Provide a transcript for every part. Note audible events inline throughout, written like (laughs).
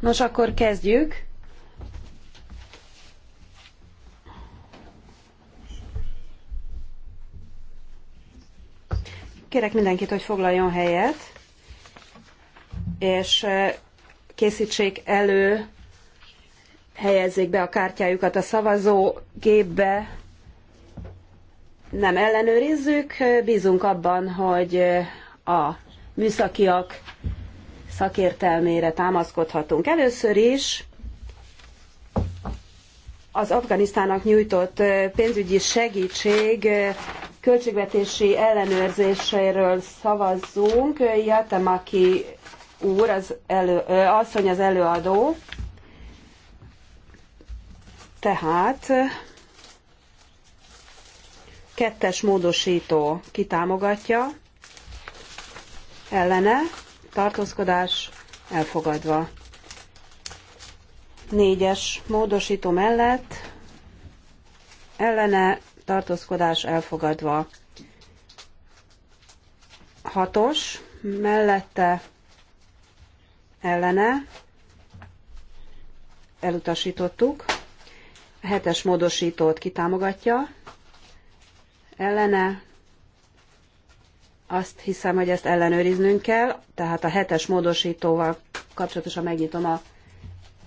Nos, akkor kezdjük. Kérek mindenkit, hogy foglaljon helyet, és eh, készítsék elő, helyezzék be a kártyájukat a szavazógépbe. Nem ellenőrizzük, eh, bízunk abban, hogy eh, a műszakiak szakértelmére támaszkodhatunk. Először is az Afganisztának nyújtott pénzügyi segítség költségvetési ellenőrzéséről szavazzunk. Jatemaki úr, az elő, asszony az előadó. Tehát kettes módosító kitámogatja, ellene tartózkodás elfogadva. Négyes módosító mellett ellene tartózkodás elfogadva. Hatos mellette ellene elutasítottuk. Hetes módosítót kitámogatja. Ellene azt hiszem, hogy ezt ellenőriznünk kell, tehát a hetes módosítóval kapcsolatosan megnyitom a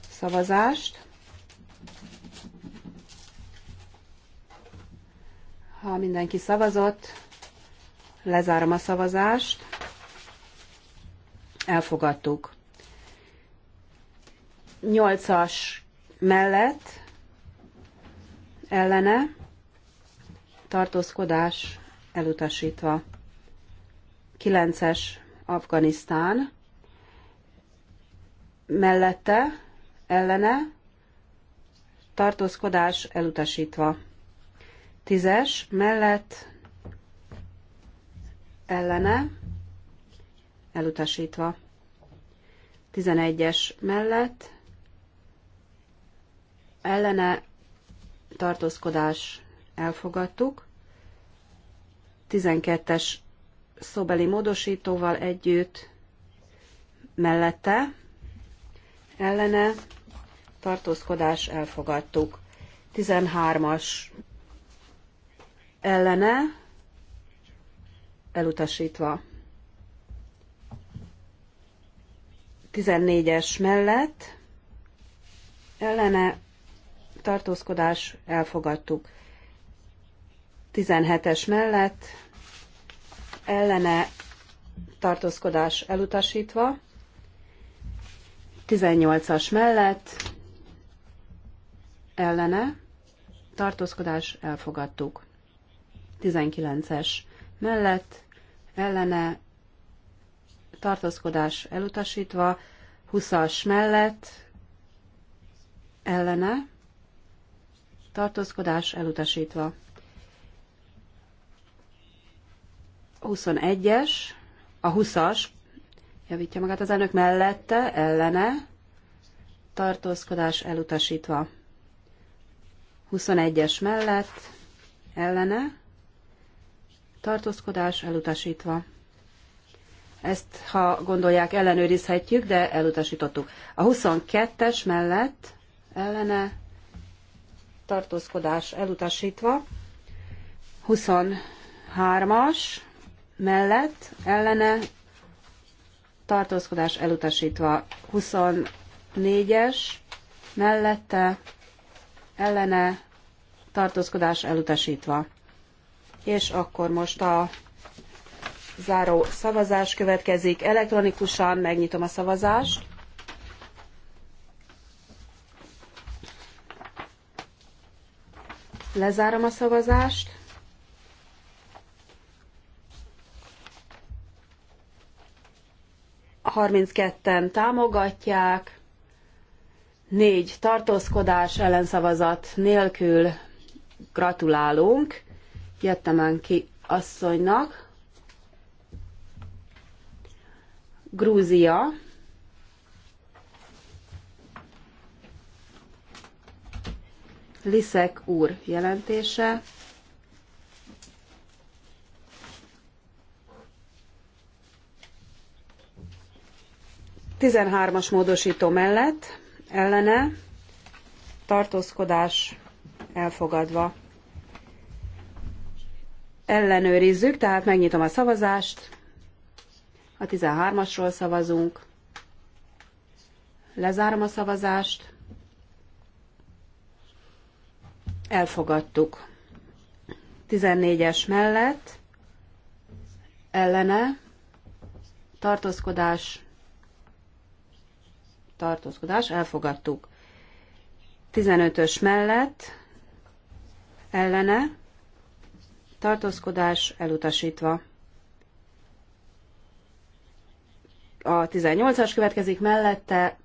szavazást. Ha mindenki szavazott, lezárom a szavazást. Elfogadtuk. 8-as mellett ellene tartózkodás elutasítva. 9-es Afganisztán, mellette, ellene, tartózkodás elutasítva. 10-es mellett, ellene, elutasítva. 11-es mellett, ellene, tartózkodás elfogadtuk. 12-es szóbeli módosítóval együtt mellette ellene tartózkodás elfogadtuk. 13-as ellene elutasítva. 14-es mellett ellene tartózkodás elfogadtuk. 17-es mellett ellene tartózkodás elutasítva, 18-as mellett ellene tartózkodás elfogadtuk. 19-es mellett ellene tartózkodás elutasítva, 20-as mellett ellene tartózkodás elutasítva. 21-es, a 20-as, javítja magát az elnök mellette, ellene, tartózkodás elutasítva. 21-es mellett, ellene, tartózkodás elutasítva. Ezt, ha gondolják, ellenőrizhetjük, de elutasítottuk. A 22-es mellett, ellene, tartózkodás elutasítva. 23-as, mellett ellene tartózkodás elutasítva 24-es mellette ellene tartózkodás elutasítva. És akkor most a záró szavazás következik. Elektronikusan megnyitom a szavazást. Lezárom a szavazást. 32-en támogatják, négy tartózkodás ellenszavazat nélkül gratulálunk ki asszonynak. Grúzia Liszek úr jelentése. 13-as módosító mellett ellene tartózkodás elfogadva. Ellenőrizzük, tehát megnyitom a szavazást. A 13-asról szavazunk. Lezárom a szavazást. Elfogadtuk. 14-es mellett ellene tartózkodás tartózkodás, elfogadtuk. 15-ös mellett, ellene, tartózkodás, elutasítva. A 18-as következik mellette,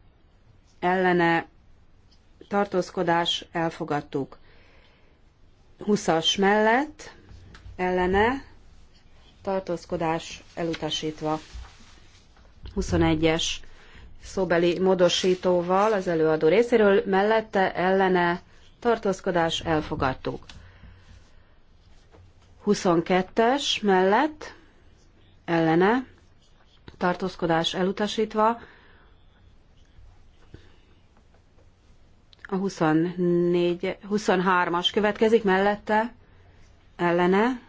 ellene, tartózkodás, elfogadtuk. 20-as mellett, ellene, tartózkodás, elutasítva. 21-es szóbeli módosítóval az előadó részéről, mellette ellene tartózkodás elfogadtuk. 22-es mellett ellene tartózkodás elutasítva, a 24, 23-as következik mellette, ellene,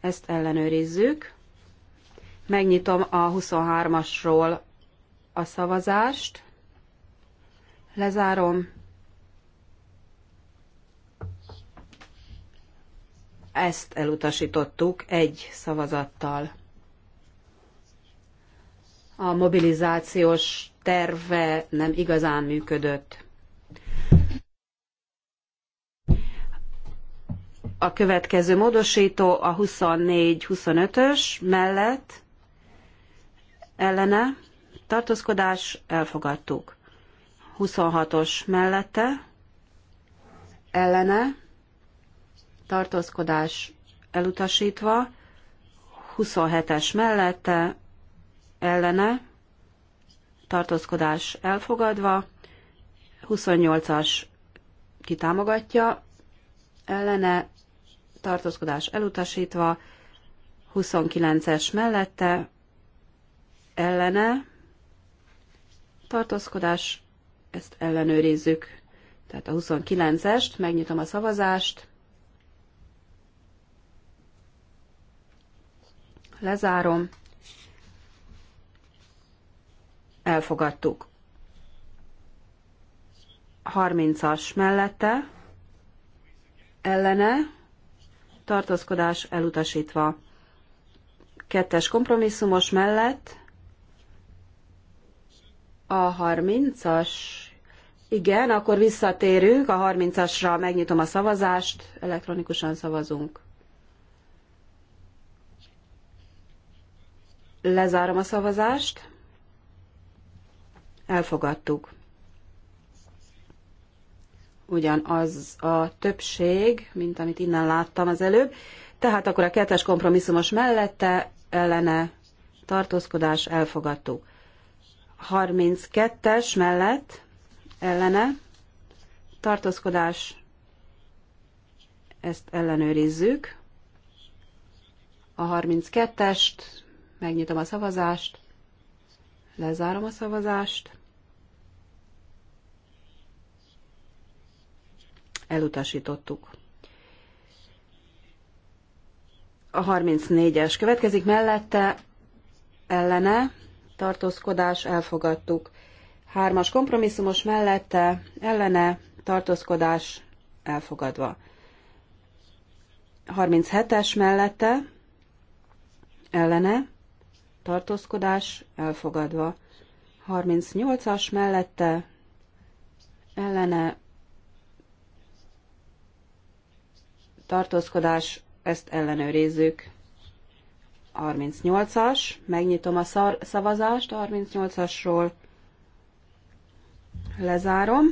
ezt ellenőrizzük. Megnyitom a 23-asról a szavazást. Lezárom. Ezt elutasítottuk egy szavazattal. A mobilizációs terve nem igazán működött. A következő módosító a 24-25-ös mellett ellene tartózkodás, elfogadtuk. 26-os mellette, ellene, tartózkodás elutasítva, 27-es mellette, ellene, tartózkodás elfogadva, 28-as kitámogatja, ellene, tartózkodás elutasítva, 29-es mellette, ellene, tartózkodás, ezt ellenőrizzük. Tehát a 29-est, megnyitom a szavazást, lezárom, elfogadtuk. 30-as mellette, ellene, tartózkodás elutasítva. Kettes kompromisszumos mellett, a 30-as, igen, akkor visszatérünk, a 30-asra megnyitom a szavazást, elektronikusan szavazunk. Lezárom a szavazást. Elfogadtuk. Ugyanaz a többség, mint amit innen láttam az előbb. Tehát akkor a kettes kompromisszumos mellette ellene tartózkodás elfogadtuk. 32-es mellett ellene tartózkodás, ezt ellenőrizzük. A 32-est, megnyitom a szavazást, lezárom a szavazást, elutasítottuk. A 34-es következik mellette, ellene, tartózkodás elfogadtuk. Hármas kompromisszumos mellette ellene tartózkodás elfogadva. 37-es mellette ellene tartózkodás elfogadva. 38-as mellette ellene tartózkodás, ezt ellenőrizzük. 38-as, megnyitom a szavazást 38-asról, lezárom.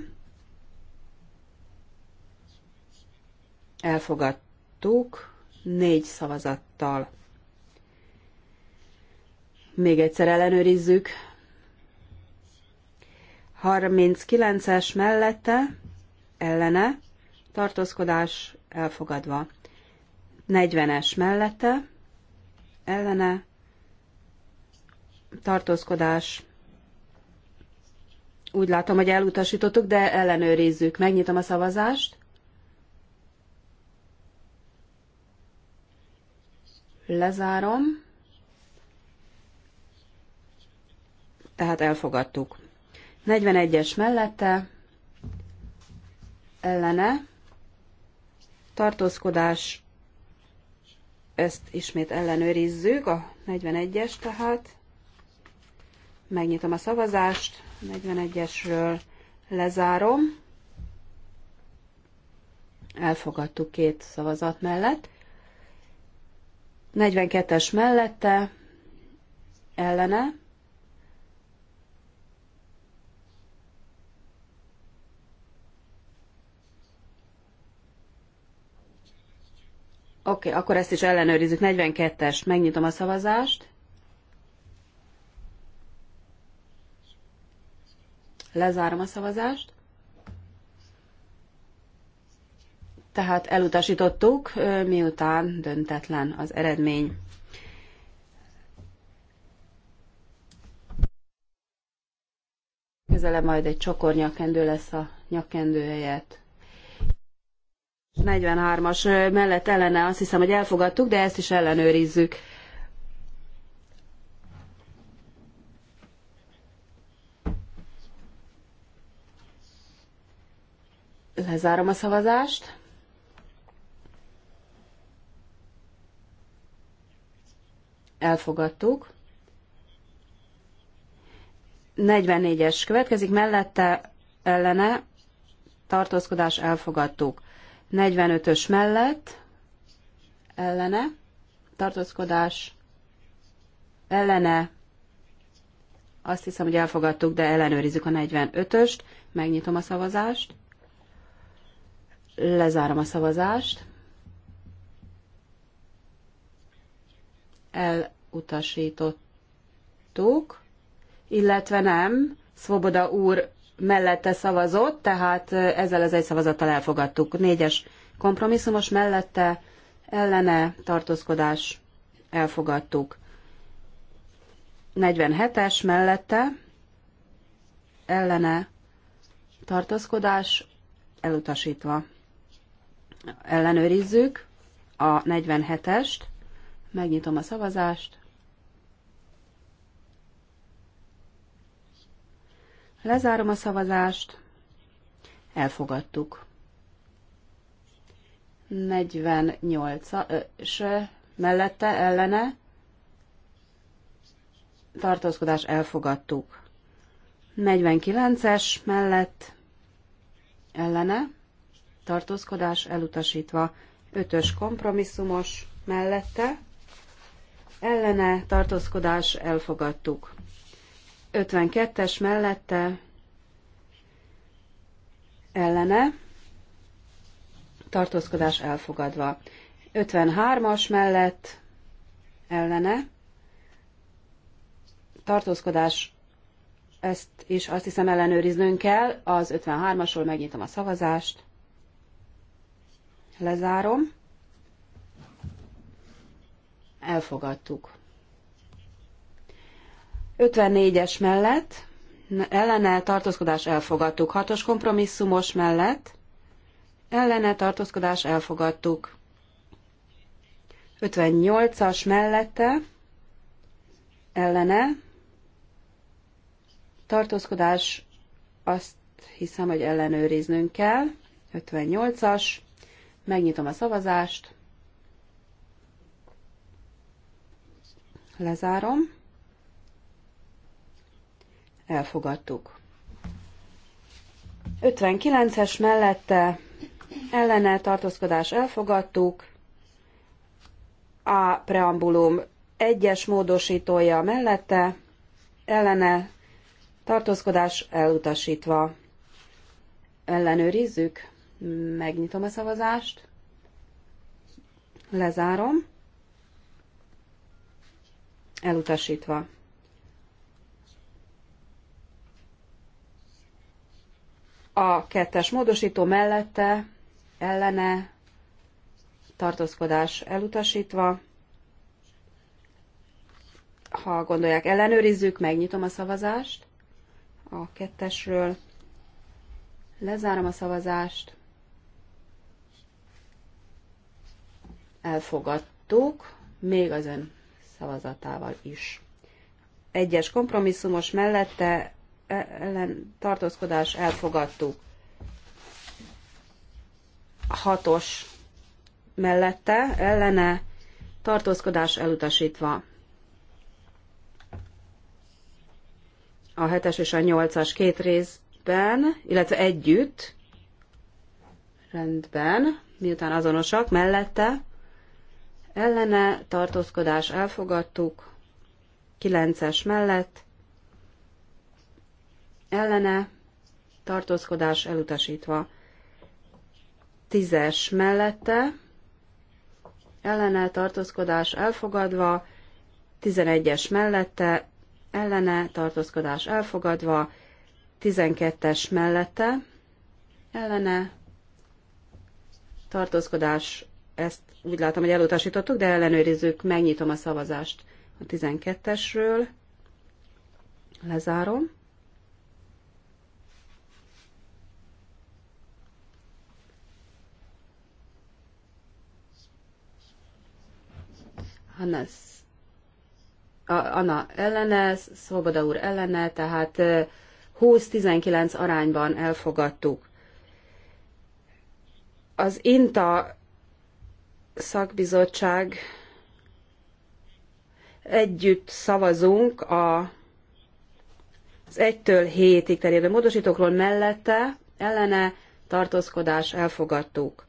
Elfogadtuk négy szavazattal. Még egyszer ellenőrizzük. 39-es mellette, ellene, tartózkodás elfogadva. 40-es mellette, ellene tartózkodás. Úgy látom, hogy elutasítottuk, de ellenőrizzük. Megnyitom a szavazást. Lezárom. Tehát elfogadtuk. 41-es mellette ellene tartózkodás ezt ismét ellenőrizzük, a 41-es tehát. Megnyitom a szavazást, 41-esről lezárom. Elfogadtuk két szavazat mellett. 42-es mellette, ellene, Oké, okay, akkor ezt is ellenőrizzük. 42-est. Megnyitom a szavazást. Lezárom a szavazást. Tehát elutasítottuk, miután döntetlen az eredmény. Közelebb majd egy csokor lesz a nyakendő helyett. 43-as mellett ellene azt hiszem, hogy elfogadtuk, de ezt is ellenőrizzük. Lezárom a szavazást. Elfogadtuk. 44-es következik, mellette ellene tartózkodás elfogadtuk. 45-ös mellett ellene tartózkodás ellene azt hiszem, hogy elfogadtuk, de ellenőrizzük a 45-öst, megnyitom a szavazást, lezárom a szavazást, elutasítottuk, illetve nem, Svoboda úr mellette szavazott, tehát ezzel az egy szavazattal elfogadtuk. Négyes kompromisszumos mellette ellene tartózkodás elfogadtuk. 47-es mellette ellene tartózkodás elutasítva. Ellenőrizzük a 47-est, megnyitom a szavazást, Lezárom a szavazást. Elfogadtuk. 48 és mellette ellene tartózkodás elfogadtuk. 49-es mellett ellene tartózkodás elutasítva. 5-ös kompromisszumos mellette ellene tartózkodás elfogadtuk. 52-es mellette ellene tartózkodás elfogadva. 53-as mellett ellene tartózkodás ezt is azt hiszem ellenőriznünk kell. Az 53-asról megnyitom a szavazást. Lezárom. Elfogadtuk. 54-es mellett ellene tartózkodás elfogadtuk. 6-os kompromisszumos mellett ellene tartózkodás elfogadtuk. 58-as mellette ellene tartózkodás azt hiszem, hogy ellenőriznünk kell. 58-as. Megnyitom a szavazást. Lezárom elfogadtuk. 59-es mellette ellene tartózkodás elfogadtuk, a preambulum egyes módosítója mellette ellene tartózkodás elutasítva. Ellenőrizzük, megnyitom a szavazást, lezárom, elutasítva. A kettes módosító mellette ellene tartózkodás elutasítva. Ha gondolják, ellenőrizzük, megnyitom a szavazást a kettesről. Lezárom a szavazást. Elfogadtuk, még az ön szavazatával is. Egyes kompromisszumos mellette ellen tartózkodás elfogadtuk. Hatos mellette ellene tartózkodás elutasítva. A hetes és a nyolcas két részben, illetve együtt, rendben, miután azonosak, mellette ellene tartózkodás elfogadtuk, kilences mellett ellene tartózkodás elutasítva. Tízes mellette ellene tartózkodás elfogadva, tizenegyes mellette ellene tartózkodás elfogadva, tizenkettes mellette ellene tartózkodás, ezt úgy látom, hogy elutasítottuk, de ellenőrizzük, megnyitom a szavazást a 12-esről, lezárom. Hannes, Anna ellene, Szoboda úr ellene, tehát 20-19 arányban elfogadtuk. Az INTA szakbizottság együtt szavazunk a, az 1-től 7-ig terjedő módosítókról mellette, ellene tartózkodás elfogadtuk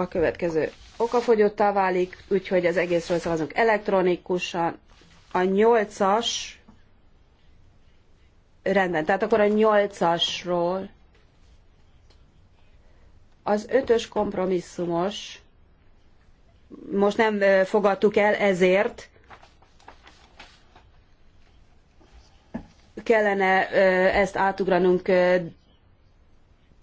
a következő okafogyottá válik, úgyhogy az egészről szavazunk elektronikusan. A nyolcas rendben, tehát akkor a nyolcasról az ötös kompromisszumos most nem fogadtuk el ezért, kellene ezt átugranunk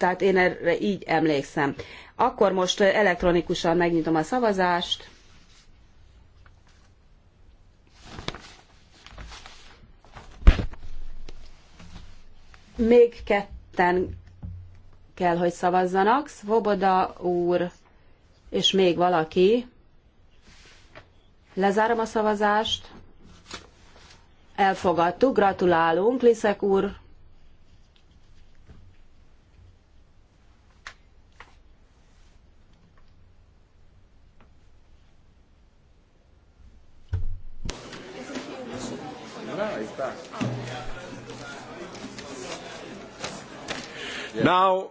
tehát én erre így emlékszem. Akkor most elektronikusan megnyitom a szavazást. Még ketten kell, hogy szavazzanak. Svoboda úr és még valaki. Lezárom a szavazást. Elfogadtuk, gratulálunk Liszek úr Now,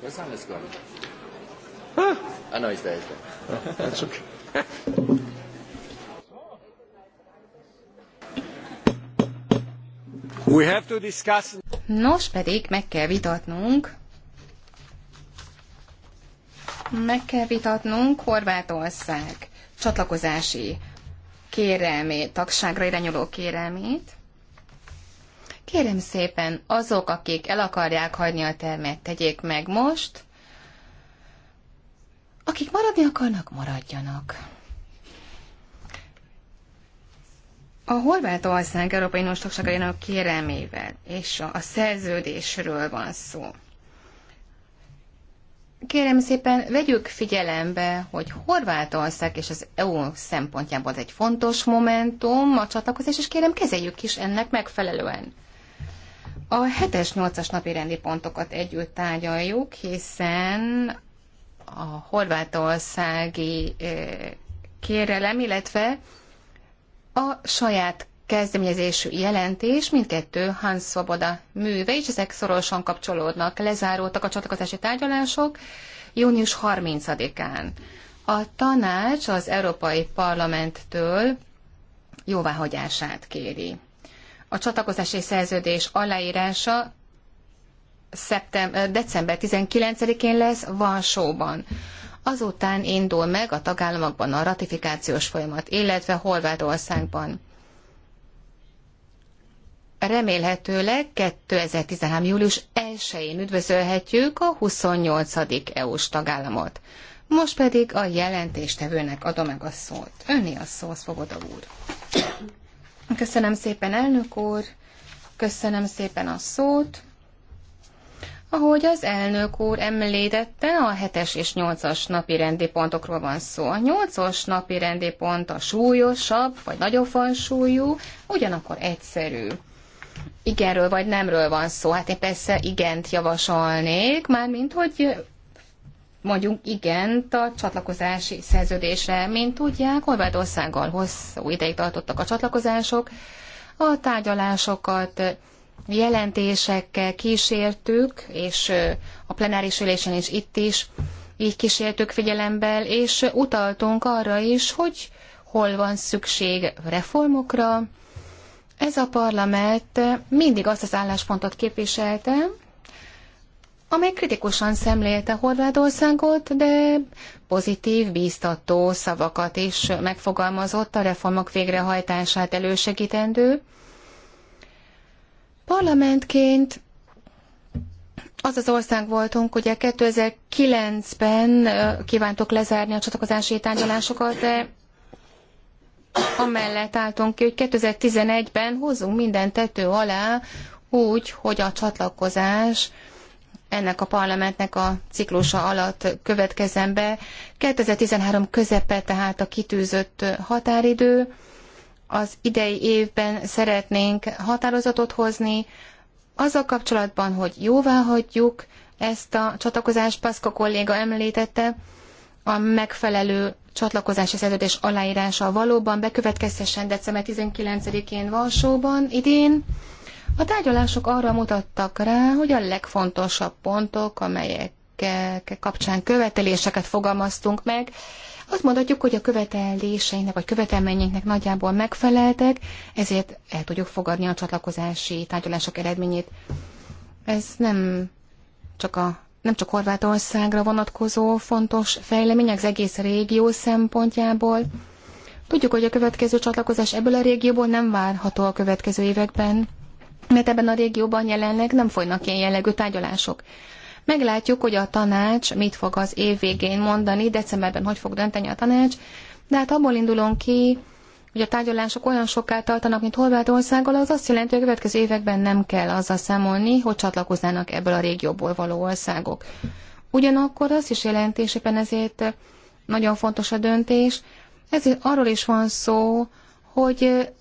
Where's gone? Huh? I know he's there, he's there. Oh, (laughs) that's okay. We have to discuss... Nos pedig meg kell vitatnunk meg kell vitatnunk Horvátország csatlakozási kérelmét, tagságra irányuló kérelmét. Kérem szépen, azok, akik el akarják hagyni a termet, tegyék meg most. Akik maradni akarnak, maradjanak. A Horvátország Európai Uniós tagságának kérelmével és a szerződésről van szó. Kérem szépen, vegyük figyelembe, hogy Horvátország és az EU szempontjából egy fontos momentum a csatlakozás, és kérem kezeljük is ennek megfelelően. A 7 8-as napi rendi pontokat együtt tárgyaljuk, hiszen a horvátországi eh, kérelem, illetve a saját kezdeményezésű jelentés, mindkettő Hans Svoboda műve, és ezek szorosan kapcsolódnak. Lezáródtak a csatlakozási tárgyalások június 30-án. A tanács az Európai Parlamenttől jóváhagyását kéri. A csatlakozási szerződés aláírása szeptem, december 19-én lesz Varsóban. Azután indul meg a tagállamokban a ratifikációs folyamat, illetve Horvátországban remélhetőleg 2013. július 1-én üdvözölhetjük a 28. EU-s tagállamot. Most pedig a jelentéstevőnek adom meg a szót. Önni a szó, a úr. Köszönöm szépen, elnök úr. Köszönöm szépen a szót. Ahogy az elnök úr említette, a 7-es és 8-as napi rendi pontokról van szó. A 8-as napi rendi pont a súlyosabb, vagy nagyobb van súlyú, ugyanakkor egyszerű igenről vagy nemről van szó. Hát én persze igent javasolnék, mármint hogy mondjuk igent a csatlakozási szerződésre. Mint tudják, Horvátországgal hosszú ideig tartottak a csatlakozások, a tárgyalásokat jelentésekkel kísértük, és a plenáris ülésen is itt is így kísértük figyelembel, és utaltunk arra is, hogy hol van szükség reformokra, ez a parlament mindig azt az álláspontot képviselte, amely kritikusan szemlélte Horvátországot, de pozitív, bíztató szavakat is megfogalmazott a reformok végrehajtását elősegítendő. Parlamentként az az ország voltunk, ugye 2009-ben kívántuk lezárni a csatlakozási tárgyalásokat, de amellett álltunk ki, hogy 2011-ben hozzunk minden tető alá, úgy, hogy a csatlakozás ennek a parlamentnek a ciklusa alatt következzen be. 2013 közepe tehát a kitűzött határidő. Az idei évben szeretnénk határozatot hozni, azzal kapcsolatban, hogy jóvá hagyjuk ezt a csatlakozást, Paszka kolléga említette, a megfelelő csatlakozási szerződés aláírása valóban bekövetkezhessen december 19-én Varsóban idén. A tárgyalások arra mutattak rá, hogy a legfontosabb pontok, amelyek kapcsán követeléseket fogalmaztunk meg, azt mondhatjuk, hogy a követeléseinknek vagy követelményeinknek nagyjából megfeleltek, ezért el tudjuk fogadni a csatlakozási tárgyalások eredményét. Ez nem csak a nem csak Horvátországra vonatkozó fontos fejlemények az egész régió szempontjából. Tudjuk, hogy a következő csatlakozás ebből a régióból nem várható a következő években, mert ebben a régióban jelenleg nem folynak ilyen jellegű tárgyalások. Meglátjuk, hogy a tanács mit fog az év végén mondani, decemberben hogy fog dönteni a tanács, de hát abból indulunk ki, hogy a tárgyalások olyan soká tartanak, mint Horvátországgal, az azt jelenti, hogy a következő években nem kell azzal számolni, hogy csatlakoznának ebből a régióból való országok. Ugyanakkor az is jelenti, és éppen ezért nagyon fontos a döntés, ez arról is van szó, hogy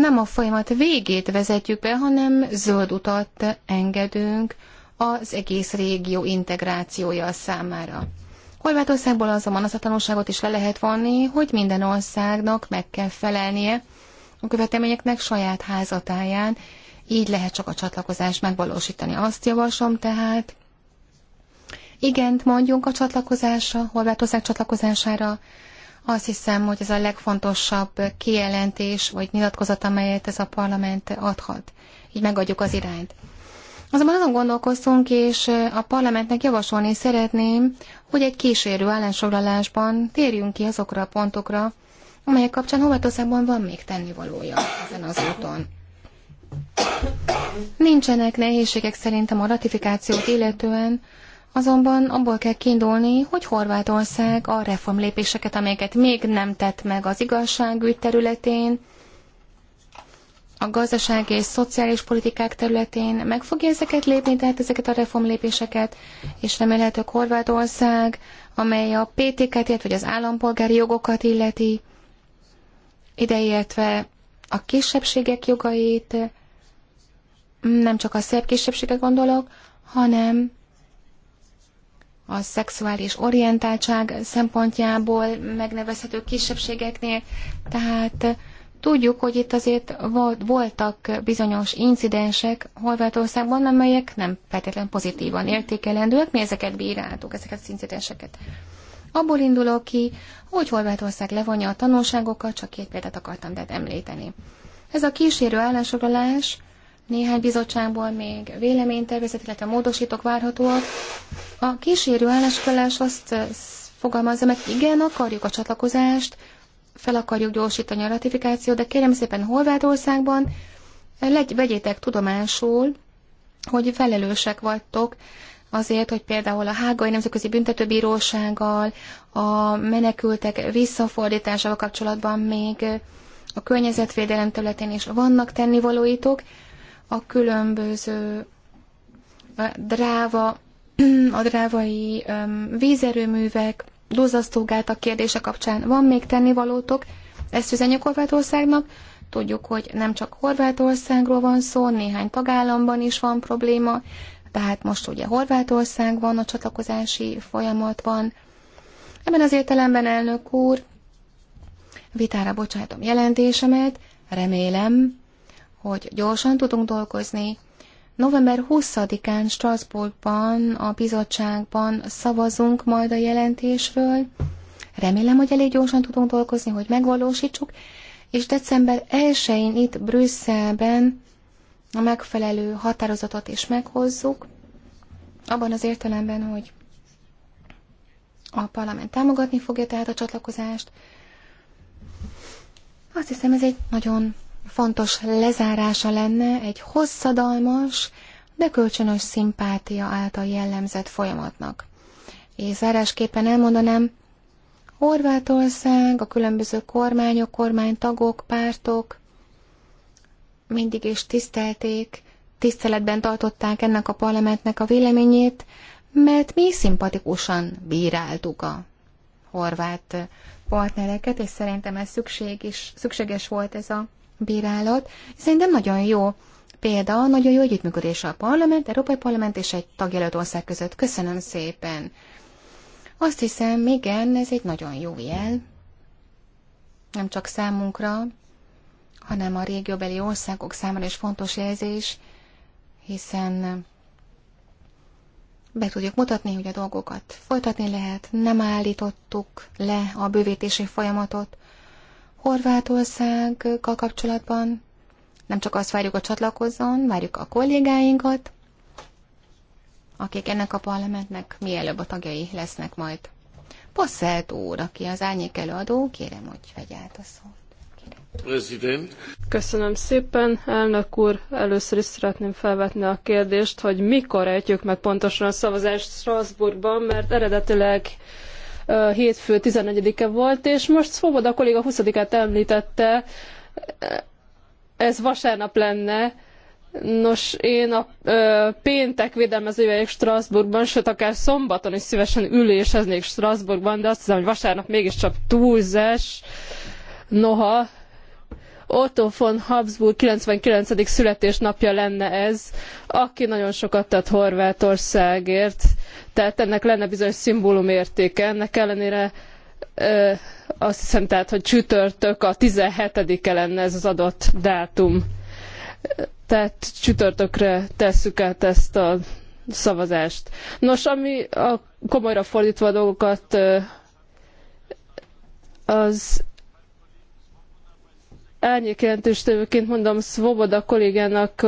nem a folyamat végét vezetjük be, hanem zöld utat engedünk az egész régió integrációja számára. Horvátországból azonban az a tanulságot is le lehet vonni, hogy minden országnak meg kell felelnie a követelményeknek saját házatáján, így lehet csak a csatlakozás megvalósítani. Azt javaslom tehát, igent mondjunk a csatlakozásra, Horvátország csatlakozására. Azt hiszem, hogy ez a legfontosabb kijelentés vagy nyilatkozat, amelyet ez a parlament adhat. Így megadjuk az irányt. Azonban azon gondolkoztunk, és a parlamentnek javasolni szeretném, hogy egy kísérő állásfoglalásban térjünk ki azokra a pontokra, amelyek kapcsán Horvátországban van még tennivalója ezen az úton. Nincsenek nehézségek szerintem a ratifikációt illetően, azonban abból kell kiindulni, hogy Horvátország a reformlépéseket, amelyeket még nem tett meg az igazságügy területén, a gazdasági és szociális politikák területén meg fogja ezeket lépni, tehát ezeket a reformlépéseket, és remélhetőleg Horvátország, amely a pt ket illetve az állampolgári jogokat illeti, ideértve a kisebbségek jogait, nem csak a szép kisebbségek gondolok, hanem a szexuális orientáltság szempontjából megnevezhető kisebbségeknél, tehát Tudjuk, hogy itt azért voltak bizonyos incidensek Horvátországban, amelyek nem feltétlenül pozitívan értékelendőek, mi ezeket bíráltuk, ezeket az incidenseket. Abból indulok ki, hogy Horvátország levonja a tanulságokat, csak két példát akartam tehát említeni. Ez a kísérő állásfoglalás néhány bizottságból még véleménytervezet, illetve módosítók várhatóak. A kísérő állásfoglalás azt eh, fogalmazza meg, igen, akarjuk a csatlakozást, fel akarjuk gyorsítani a ratifikációt, de kérem szépen Horvátországban legy, vegyétek tudomásul, hogy felelősek vagytok azért, hogy például a Hágai Nemzetközi Büntetőbírósággal, a menekültek visszafordításával kapcsolatban még a környezetvédelem területén is vannak tennivalóitok, a különböző a dráva, (clears throat) a drávai vízerőművek, duzzasztógált a kérdése kapcsán. Van még tennivalótok, ezt üzenjük Horvátországnak. Tudjuk, hogy nem csak Horvátországról van szó, néhány tagállamban is van probléma, tehát most ugye Horvátország van, a csatlakozási folyamatban. Ebben az értelemben, elnök úr, vitára bocsájtom jelentésemet, remélem, hogy gyorsan tudunk dolgozni, November 20-án Strasbourgban, a bizottságban szavazunk majd a jelentésről. Remélem, hogy elég gyorsan tudunk dolgozni, hogy megvalósítsuk, és december 1-én itt Brüsszelben a megfelelő határozatot is meghozzuk, abban az értelemben, hogy a parlament támogatni fogja tehát a csatlakozást. Azt hiszem, ez egy nagyon fontos lezárása lenne egy hosszadalmas, de kölcsönös szimpátia által jellemzett folyamatnak. És zárásképpen elmondanám, Horvátország, a különböző kormányok, kormánytagok, pártok mindig is tisztelték, tiszteletben tartották ennek a parlamentnek a véleményét, mert mi szimpatikusan bíráltuk a horvát partnereket, és szerintem ez szükség is, szükséges volt ez a bírálat. Szerintem nagyon jó példa, nagyon jó együttműködés a parlament, Európai Parlament és egy tagjelölt ország között. Köszönöm szépen. Azt hiszem, igen, ez egy nagyon jó jel. Nem csak számunkra, hanem a régióbeli országok számára is fontos jelzés, hiszen be tudjuk mutatni, hogy a dolgokat folytatni lehet, nem állítottuk le a bővítési folyamatot, Horvátországgal kapcsolatban nem csak azt várjuk, a csatlakozzon, várjuk a kollégáinkat, akik ennek a parlamentnek mielőbb a tagjai lesznek majd. Posselt úr, aki az árnyék előadó, kérem, hogy vegye át a szót. President. Köszönöm szépen, elnök úr. Először is szeretném felvetni a kérdést, hogy mikor ejtjük meg pontosan a szavazást Strasbourgban, mert eredetileg hétfő 14-e volt, és most a kolléga 20-át említette, ez vasárnap lenne, Nos, én a ö, péntek védelmezője vagyok Strasbourgban, sőt, akár szombaton is szívesen üléseznék Strasbourgban, de azt hiszem, hogy vasárnap mégiscsak túlzás. Noha, Otto von Habsburg 99. születésnapja lenne ez, aki nagyon sokat tett Horvátországért tehát ennek lenne bizonyos szimbólumértéke. Ennek ellenére ö, azt hiszem tehát, hogy csütörtök a 17-e lenne ez az adott dátum. Tehát csütörtökre tesszük át ezt a szavazást. Nos, ami a komolyra fordítva a dolgokat, az árnyékjelentőstevőként mondom Svoboda kollégának,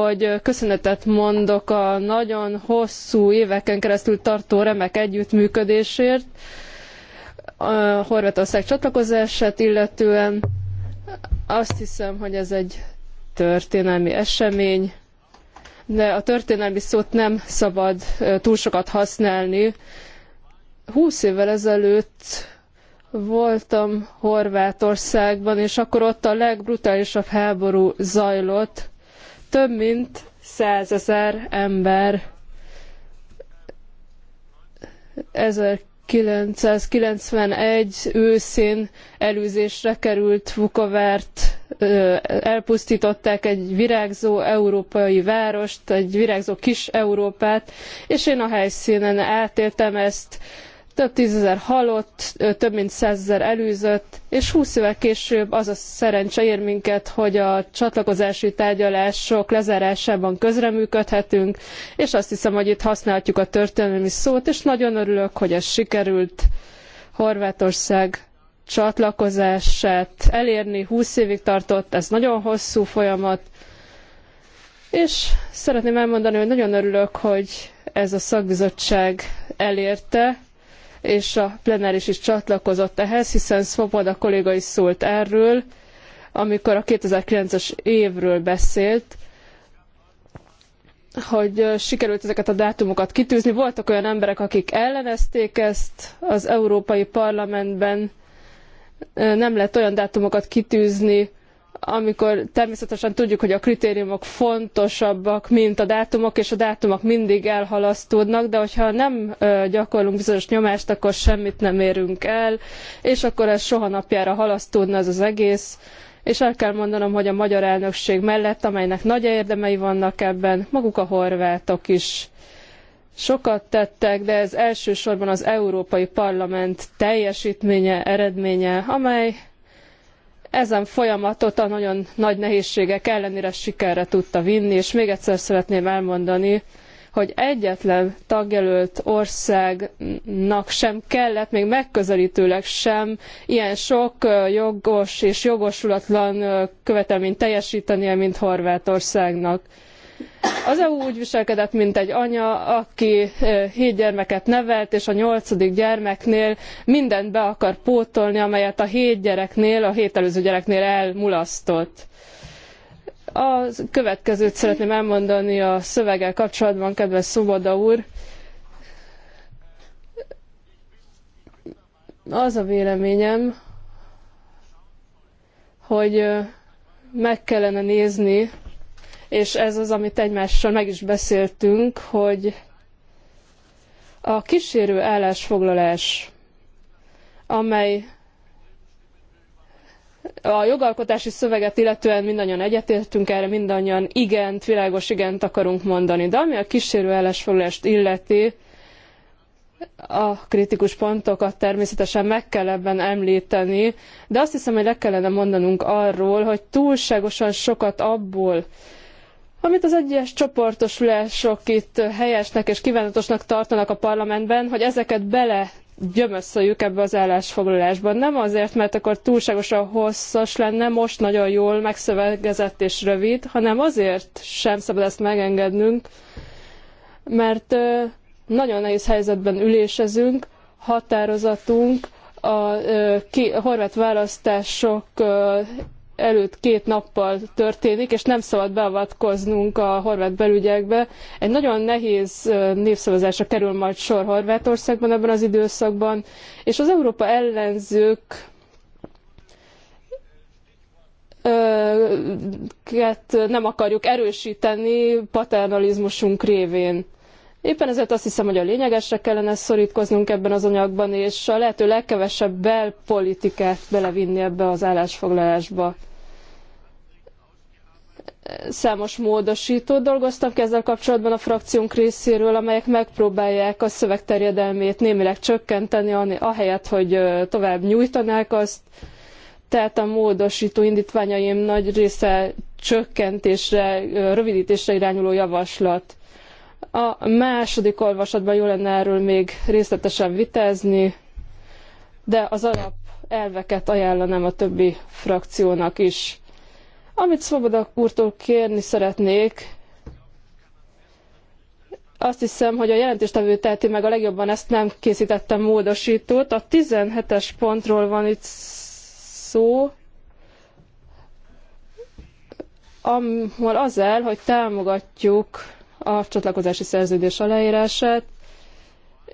hogy köszönetet mondok a nagyon hosszú éveken keresztül tartó remek együttműködésért a Horvátország csatlakozását illetően. Azt hiszem, hogy ez egy történelmi esemény, de a történelmi szót nem szabad túl sokat használni. Húsz évvel ezelőtt voltam Horvátországban, és akkor ott a legbrutálisabb háború zajlott, több mint százezer ember 1991 őszén elűzésre került Vukovert, elpusztították egy virágzó európai várost, egy virágzó kis Európát, és én a helyszínen átéltem ezt, több tízezer halott, több mint százezer elűzött, és húsz évvel később az a szerencse ér minket, hogy a csatlakozási tárgyalások lezárásában közreműködhetünk, és azt hiszem, hogy itt használhatjuk a történelmi szót, és nagyon örülök, hogy ez sikerült Horvátország csatlakozását elérni, 20 évig tartott, ez nagyon hosszú folyamat, és szeretném elmondani, hogy nagyon örülök, hogy ez a szakbizottság elérte, és a plenáris is csatlakozott ehhez, hiszen Svoboda kolléga is szólt erről, amikor a 2009-es évről beszélt, hogy sikerült ezeket a dátumokat kitűzni. Voltak olyan emberek, akik ellenezték ezt az Európai Parlamentben, nem lehet olyan dátumokat kitűzni, amikor természetesen tudjuk, hogy a kritériumok fontosabbak, mint a dátumok, és a dátumok mindig elhalasztódnak, de hogyha nem gyakorlunk bizonyos nyomást, akkor semmit nem érünk el, és akkor ez soha napjára halasztódna ez az egész. És el kell mondanom, hogy a magyar elnökség mellett, amelynek nagy érdemei vannak ebben, maguk a horvátok is sokat tettek, de ez elsősorban az Európai Parlament teljesítménye, eredménye, amely ezen folyamatot a nagyon nagy nehézségek ellenére sikerre tudta vinni, és még egyszer szeretném elmondani, hogy egyetlen tagjelölt országnak sem kellett, még megközelítőleg sem ilyen sok jogos és jogosulatlan követelményt teljesítenie, mint Horvátországnak. Az EU úgy viselkedett, mint egy anya, aki hét gyermeket nevelt, és a nyolcadik gyermeknél mindent be akar pótolni, amelyet a hét gyereknél, a hét előző gyereknél elmulasztott. A következőt szeretném elmondani a szöveggel kapcsolatban, kedves Szoboda úr. Az a véleményem, hogy meg kellene nézni, és ez az, amit egymással meg is beszéltünk, hogy a kísérő állásfoglalás, amely a jogalkotási szöveget illetően mindannyian egyetértünk erre, mindannyian igent, világos igent akarunk mondani. De ami a kísérő állásfoglalást illeti, a kritikus pontokat természetesen meg kell ebben említeni, de azt hiszem, hogy le kellene mondanunk arról, hogy túlságosan sokat abból, amit az egyes csoportosulások itt helyesnek és kívánatosnak tartanak a parlamentben, hogy ezeket bele gyömösszöljük ebbe az állásfoglalásba. Nem azért, mert akkor túlságosan hosszas lenne, most nagyon jól megszövegezett és rövid, hanem azért sem szabad ezt megengednünk, mert nagyon nehéz helyzetben ülésezünk, határozatunk a horvát választások előtt két nappal történik, és nem szabad beavatkoznunk a horvát belügyekbe. Egy nagyon nehéz népszavazásra kerül majd sor Horvátországban ebben az időszakban, és az Európa ellenzők nem akarjuk erősíteni paternalizmusunk révén. Éppen ezért azt hiszem, hogy a lényegesre kellene szorítkoznunk ebben az anyagban, és a lehető legkevesebb belpolitikát belevinni ebbe az állásfoglalásba számos módosítót dolgoztam ki ezzel kapcsolatban a frakciónk részéről, amelyek megpróbálják a szöveg terjedelmét némileg csökkenteni, ahelyett, hogy tovább nyújtanák azt. Tehát a módosító indítványaim nagy része csökkentésre, rövidítésre irányuló javaslat. A második olvasatban jó lenne erről még részletesen vitázni, de az alap elveket ajánlanám a többi frakciónak is. Amit Szoboda úrtól kérni szeretnék, azt hiszem, hogy a jelentéstevő teheti meg a legjobban, ezt nem készítettem módosítót. A 17-es pontról van itt szó, ahol az el, hogy támogatjuk a csatlakozási szerződés aláírását,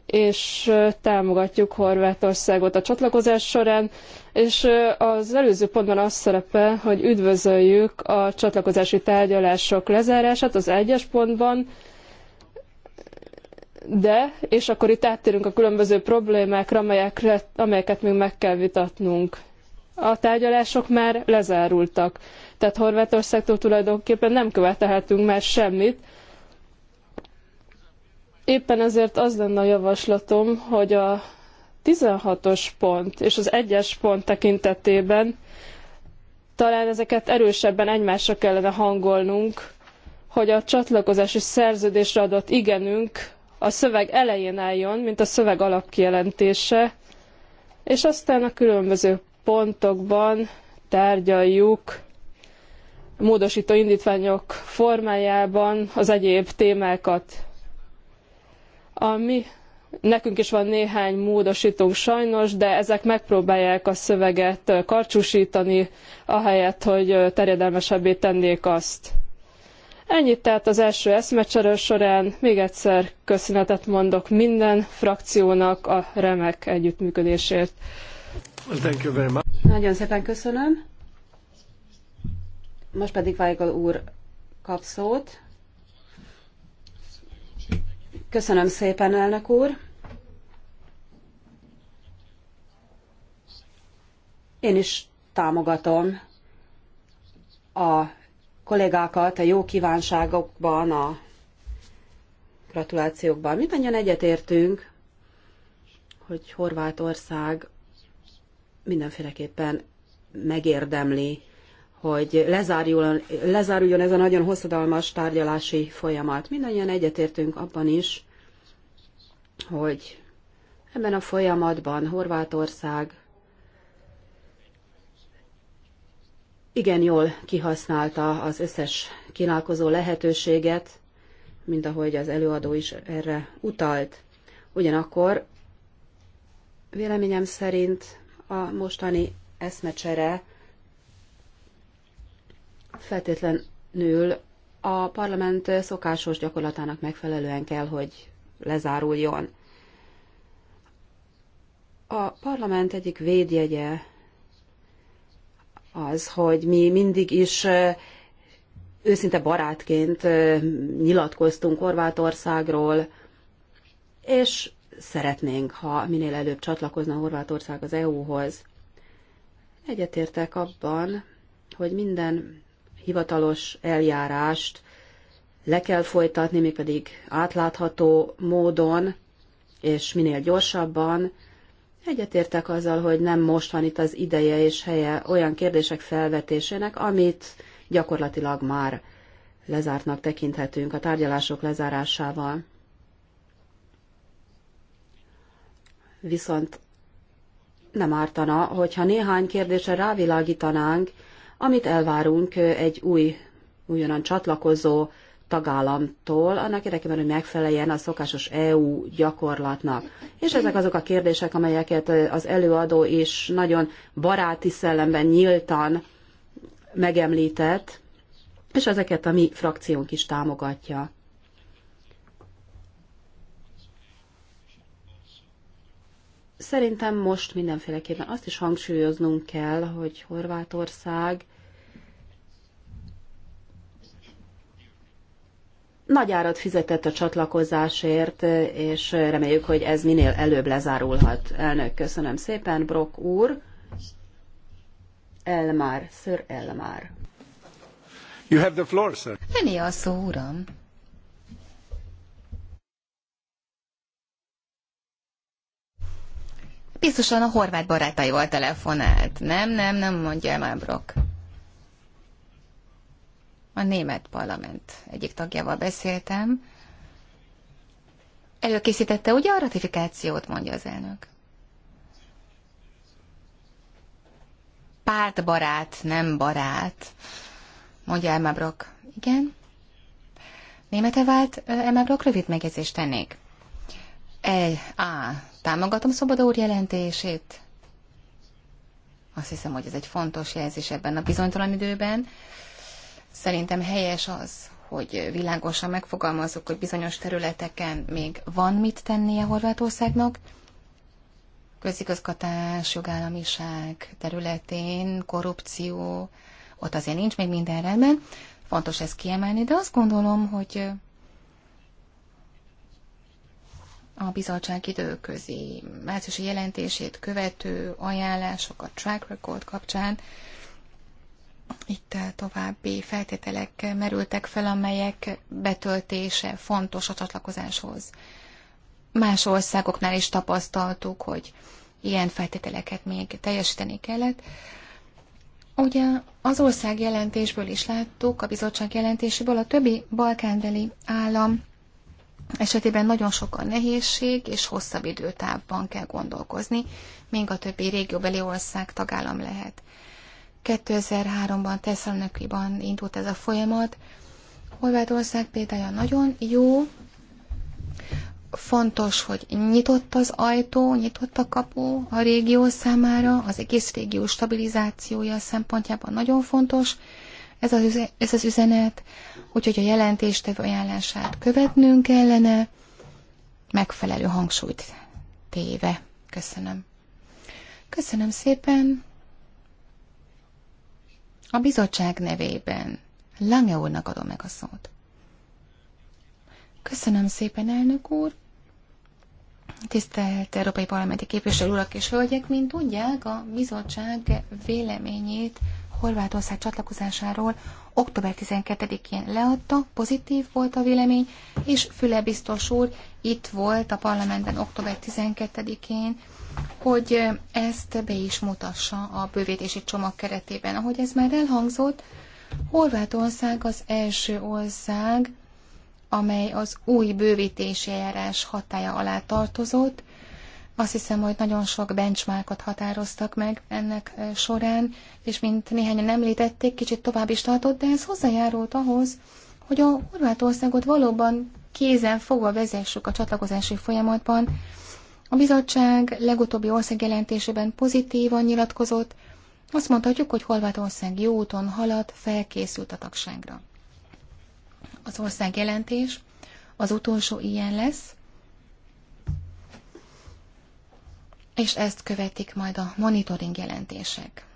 és támogatjuk Horvátországot a csatlakozás során, és az előző pontban az szerepel, hogy üdvözöljük a csatlakozási tárgyalások lezárását az egyes pontban, de, és akkor itt áttérünk a különböző problémákra, amelyekre, amelyeket még meg kell vitatnunk. A tárgyalások már lezárultak, tehát Horvátországtól tulajdonképpen nem követelhetünk már semmit, Éppen ezért az lenne a javaslatom, hogy a 16-os pont és az 1-es pont tekintetében talán ezeket erősebben egymásra kellene hangolnunk, hogy a csatlakozási szerződésre adott igenünk a szöveg elején álljon, mint a szöveg alapkijelentése, és aztán a különböző pontokban tárgyaljuk módosító indítványok formájában az egyéb témákat. A mi Nekünk is van néhány módosítónk sajnos, de ezek megpróbálják a szöveget karcsúsítani, ahelyett, hogy terjedelmesebbé tennék azt. Ennyit tehát az első eszmecserő során. Még egyszer köszönetet mondok minden frakciónak a remek együttműködésért. Nagyon szépen köszönöm. Most pedig Weigel úr kap szót. Köszönöm szépen, elnök úr. Én is támogatom a kollégákat a jó kívánságokban, a gratulációkban. Mindannyian egyetértünk, hogy Horvátország mindenféleképpen megérdemli hogy lezáruljon, lezáruljon ez a nagyon hosszadalmas tárgyalási folyamat. Mindannyian egyetértünk abban is, hogy ebben a folyamatban Horvátország igen jól kihasználta az összes kínálkozó lehetőséget, mint ahogy az előadó is erre utalt. Ugyanakkor véleményem szerint a mostani eszmecsere feltétlenül a parlament szokásos gyakorlatának megfelelően kell, hogy lezáruljon. A parlament egyik védjegye az, hogy mi mindig is őszinte barátként nyilatkoztunk Horvátországról, és szeretnénk, ha minél előbb csatlakozna Horvátország az EU-hoz. Egyetértek abban, hogy minden hivatalos eljárást le kell folytatni, mégpedig átlátható módon és minél gyorsabban. Egyetértek azzal, hogy nem most van itt az ideje és helye olyan kérdések felvetésének, amit gyakorlatilag már lezártnak tekinthetünk a tárgyalások lezárásával. Viszont nem ártana, hogyha néhány kérdésre rávilágítanánk, amit elvárunk egy új, újonnan csatlakozó tagállamtól, annak érdekében, hogy megfeleljen a szokásos EU gyakorlatnak. És ezek azok a kérdések, amelyeket az előadó is nagyon baráti szellemben nyíltan megemlített, és ezeket a mi frakciónk is támogatja. Szerintem most mindenféleképpen azt is hangsúlyoznunk kell, hogy Horvátország nagy árat fizetett a csatlakozásért, és reméljük, hogy ez minél előbb lezárulhat. Elnök, köszönöm szépen, Brok úr. Elmár, Sir Elmár. You have the floor, sir. Öné a szó, uram. Biztosan a horvát barátaival telefonált. Nem, nem, nem mondja Elmar Brock a német parlament egyik tagjával beszéltem. Előkészítette ugye a ratifikációt, mondja az elnök. Pártbarát, nem barát, mondja Elmabrok. Igen. Némete vált Elmabrok, rövid megjegyzést tennék. E, A. támogatom Szoboda úr jelentését. Azt hiszem, hogy ez egy fontos jelzés ebben a bizonytalan időben. Szerintem helyes az, hogy világosan megfogalmazzuk, hogy bizonyos területeken még van mit tennie Horvátországnak, közigazgatás, jogállamiság területén, korrupció, ott azért nincs még minden rendben. Fontos ezt kiemelni, de azt gondolom, hogy a bizottság időközi márciusi jelentését követő ajánlások a track record kapcsán itt eh, további feltételek merültek fel, amelyek betöltése fontos a csatlakozáshoz. Más országoknál is tapasztaltuk, hogy ilyen feltételeket még teljesíteni kellett. Ugye az ország jelentésből is láttuk, a bizottság jelentéséből a többi balkándeli állam esetében nagyon sok a nehézség, és hosszabb időtávban kell gondolkozni, míg a többi régióbeli ország tagállam lehet. 2003-ban Tesszalonikiban indult ez a folyamat. Horvátország példája nagyon jó, fontos, hogy nyitott az ajtó, nyitott a kapu a régió számára, az egész régió stabilizációja szempontjában nagyon fontos ez az, üzenet, ez az üzenet, úgyhogy a jelentéstevő ajánlását követnünk kellene, megfelelő hangsúlyt téve. Köszönöm. Köszönöm szépen. A bizottság nevében Lange úrnak adom meg a szót. Köszönöm szépen, elnök úr! Tisztelt Európai Parlamenti Képviselő Urak és Hölgyek, mint tudják, a bizottság véleményét Horvátország csatlakozásáról október 12-én leadta, pozitív volt a vélemény, és Füle biztos úr itt volt a parlamentben október 12-én, hogy ezt be is mutassa a bővítési csomag keretében. Ahogy ez már elhangzott, Horvátország az első ország, amely az új bővítési eljárás hatája alá tartozott. Azt hiszem, hogy nagyon sok benchmarkot határoztak meg ennek eh, során, és mint néhányan említették, kicsit tovább is tartott, de ez hozzájárult ahhoz, hogy a Horvátországot valóban kézen fogva vezessük a csatlakozási folyamatban, a bizottság legutóbbi országjelentésében pozitívan nyilatkozott, azt mondhatjuk, hogy Horvátország jó úton halad, felkészült a tagságra. Az országjelentés az utolsó ilyen lesz, és ezt követik majd a monitoring jelentések.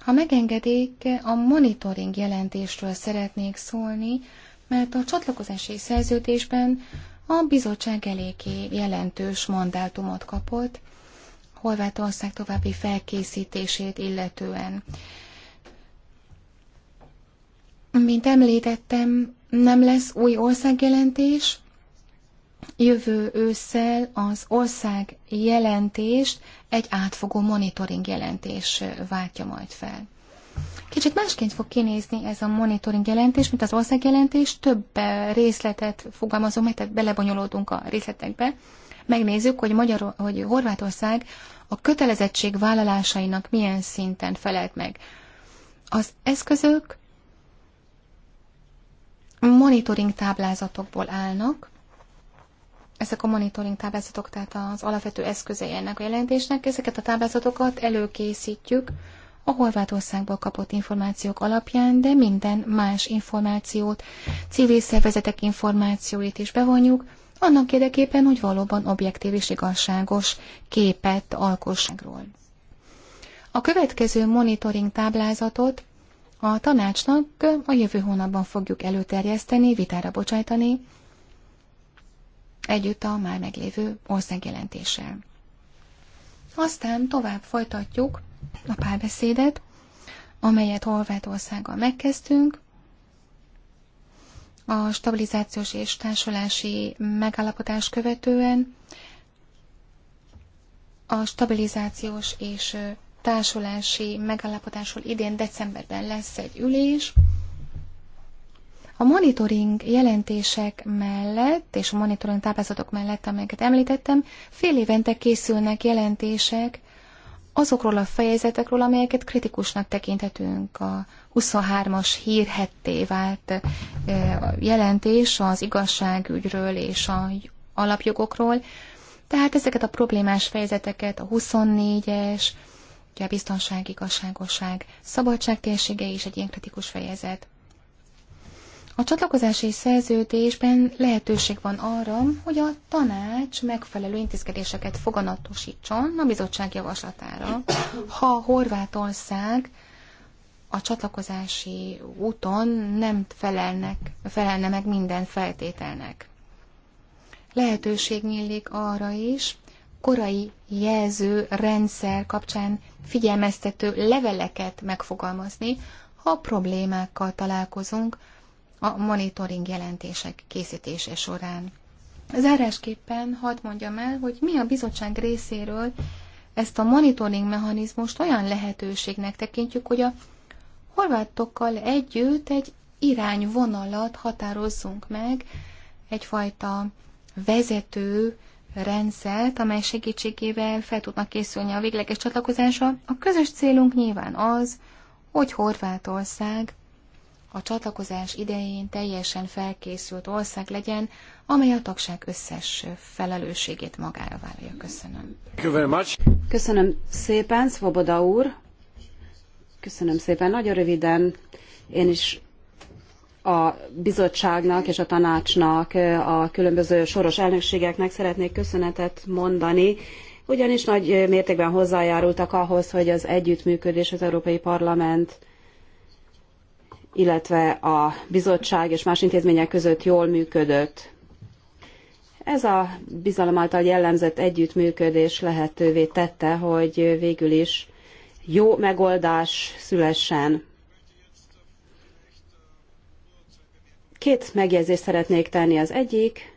Ha megengedik, a monitoring jelentésről szeretnék szólni, mert a csatlakozási szerződésben a bizottság eléggé jelentős mandátumot kapott Horvátország további felkészítését illetően. Mint említettem, nem lesz új országjelentés, jövő ősszel az ország jelentést egy átfogó monitoring jelentés váltja majd fel. Kicsit másként fog kinézni ez a monitoring jelentés, mint az országjelentés. Több eh, részletet fogalmazom, mert tehát belebonyolódunk a részletekbe. Megnézzük, hogy, Magyar, hogy Horvátország a kötelezettség vállalásainak milyen szinten felelt meg. Az eszközök monitoring táblázatokból állnak, ezek a monitoring táblázatok, tehát az alapvető eszközei ennek a jelentésnek, ezeket a táblázatokat előkészítjük a Horvátországból kapott információk alapján, de minden más információt, civil szervezetek információit is bevonjuk, annak érdekében, hogy valóban objektív és igazságos képet alkosságról. A következő monitoring táblázatot a tanácsnak a jövő hónapban fogjuk előterjeszteni, vitára bocsájtani, együtt a már meglévő országjelentéssel. Aztán tovább folytatjuk a párbeszédet, amelyet Horvátországgal megkezdtünk. A stabilizációs és társulási megállapodás követően a stabilizációs és társulási megállapodásról idén decemberben lesz egy ülés. A monitoring jelentések mellett, és a monitoring táblázatok mellett, amelyeket említettem, fél évente készülnek jelentések azokról a fejezetekről, amelyeket kritikusnak tekinthetünk. A 23-as hírhetté vált jelentés az igazságügyről és a alapjogokról. Tehát ezeket a problémás fejezeteket, a 24-es, ugye a biztonság, igazságosság, szabadság térsége is egy ilyen kritikus fejezet. A csatlakozási szerződésben lehetőség van arra, hogy a tanács megfelelő intézkedéseket foganatosítson a bizottság javaslatára, ha Horvátország a csatlakozási úton nem felelnek, felelne meg minden feltételnek. Lehetőség nyílik arra is, korai jelző rendszer kapcsán figyelmeztető leveleket megfogalmazni, ha problémákkal találkozunk, a monitoring jelentések készítése során. Zárásképpen hadd mondjam el, hogy mi a bizottság részéről ezt a monitoring mechanizmust olyan lehetőségnek tekintjük, hogy a horvátokkal együtt egy irányvonalat határozzunk meg, egyfajta vezető rendszert, amely segítségével fel tudnak készülni a végleges csatlakozásra. A közös célunk nyilván az, hogy Horvátország a csatlakozás idején teljesen felkészült ország legyen, amely a tagság összes felelősségét magára vállalja. Köszönöm. Köszönöm szépen, Svoboda úr. Köszönöm szépen. Nagyon röviden én is a bizottságnak és a tanácsnak, a különböző soros elnökségeknek szeretnék köszönetet mondani, ugyanis nagy mértékben hozzájárultak ahhoz, hogy az együttműködés az Európai Parlament illetve a bizottság és más intézmények között jól működött. Ez a bizalom által jellemzett együttműködés lehetővé tette, hogy végül is jó megoldás szülessen. Két megjegyzést szeretnék tenni. Az egyik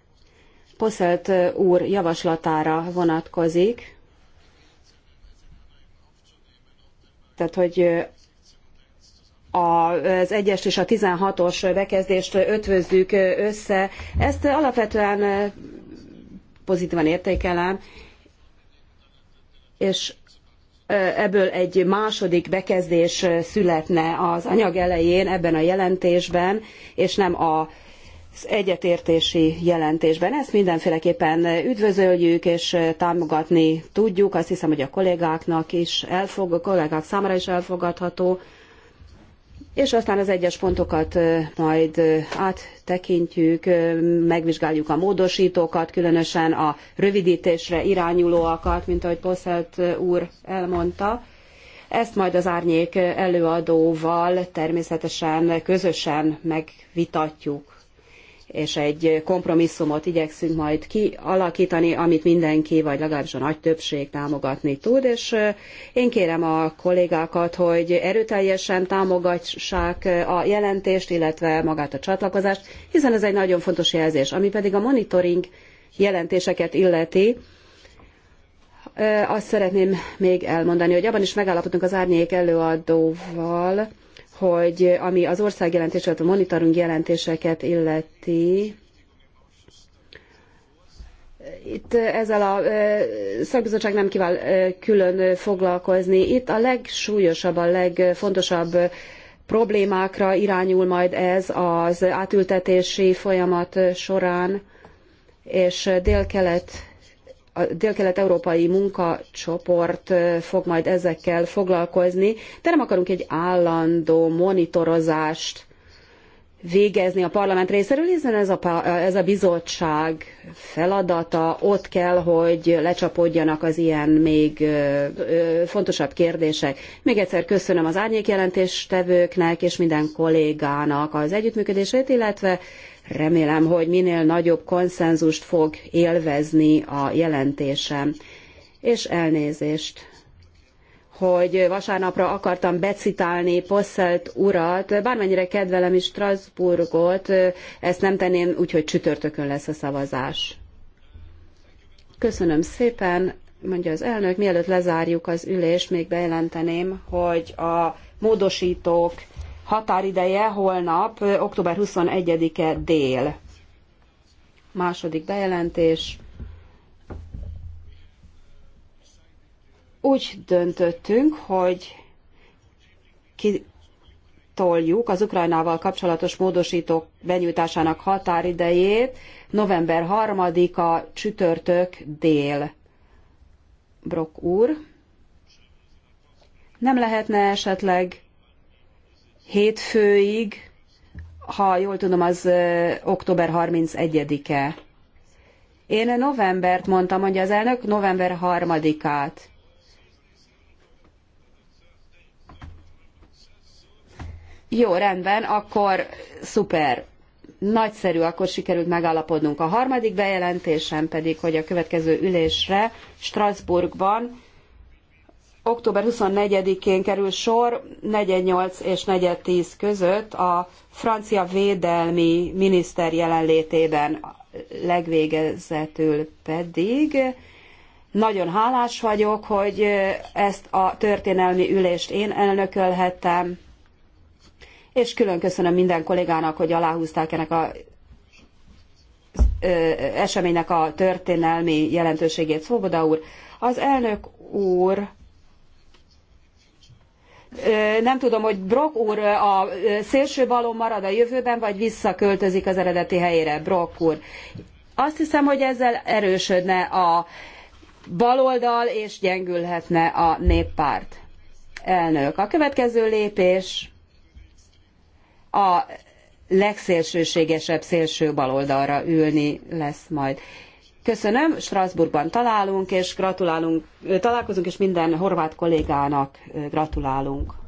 Poszelt úr javaslatára vonatkozik, tehát hogy az 1-es és a 16-os bekezdést ötvözzük össze. Ezt alapvetően pozitívan értékelem, és ebből egy második bekezdés születne az anyag elején ebben a jelentésben, és nem a az egyetértési jelentésben. Ezt mindenféleképpen üdvözöljük és támogatni tudjuk. Azt hiszem, hogy a kollégáknak is elfog, a kollégák számára is elfogadható és aztán az egyes pontokat majd áttekintjük, megvizsgáljuk a módosítókat, különösen a rövidítésre irányulóakat, mint ahogy Poszelt úr elmondta. Ezt majd az árnyék előadóval természetesen közösen megvitatjuk és egy kompromisszumot igyekszünk majd kialakítani, amit mindenki, vagy legalábbis a nagy többség támogatni tud, és én kérem a kollégákat, hogy erőteljesen támogassák a jelentést, illetve magát a csatlakozást, hiszen ez egy nagyon fontos jelzés. Ami pedig a monitoring jelentéseket illeti, azt szeretném még elmondani, hogy abban is megállapodtunk az árnyék előadóval, hogy ami az országjelentéseket, a monitoring jelentéseket illeti, itt ezzel a szakbizottság nem kíván külön foglalkozni. Itt a legsúlyosabb, a legfontosabb problémákra irányul majd ez az átültetési folyamat során, és délkelet a dél-kelet-európai munkacsoport fog majd ezekkel foglalkozni, de nem akarunk egy állandó monitorozást végezni a parlament részéről, hiszen ez a, ez a bizottság feladata, ott kell, hogy lecsapódjanak az ilyen még fontosabb kérdések. Még egyszer köszönöm az jelentéstevőknek és minden kollégának az együttműködését, illetve Remélem, hogy minél nagyobb konszenzust fog élvezni a jelentésem. És elnézést hogy vasárnapra akartam becitálni Posselt urat, bármennyire kedvelem is Strasbourgot, ezt nem tenném, úgyhogy csütörtökön lesz a szavazás. Köszönöm szépen, mondja az elnök, mielőtt lezárjuk az ülést, még bejelenteném, hogy a módosítók határideje holnap, október 21-e dél. Második bejelentés. Úgy döntöttünk, hogy kitoljuk az Ukrajnával kapcsolatos módosítók benyújtásának határidejét november 3-a csütörtök dél. Brok úr, nem lehetne esetleg hétfőig, ha jól tudom, az október 31-e. Én novembert mondtam, mondja az elnök, november 3-át. Jó, rendben, akkor szuper. Nagyszerű, akkor sikerült megállapodnunk. A harmadik bejelentésem pedig, hogy a következő ülésre Strasbourgban október 24-én kerül sor 48 és 410 között a francia védelmi miniszter jelenlétében legvégezetül pedig. Nagyon hálás vagyok, hogy ezt a történelmi ülést én elnökölhettem, és külön köszönöm minden kollégának, hogy aláhúzták ennek a eseménynek a történelmi jelentőségét. Szóboda úr, az elnök úr nem tudom, hogy Brock úr a szélső balon marad a jövőben, vagy visszaköltözik az eredeti helyére, Brock úr. Azt hiszem, hogy ezzel erősödne a baloldal, és gyengülhetne a néppárt. Elnök, a következő lépés a legszélsőségesebb szélső baloldalra ülni lesz majd. Köszönöm, Strasbourgban találunk, és gratulálunk, találkozunk, és minden horvát kollégának gratulálunk.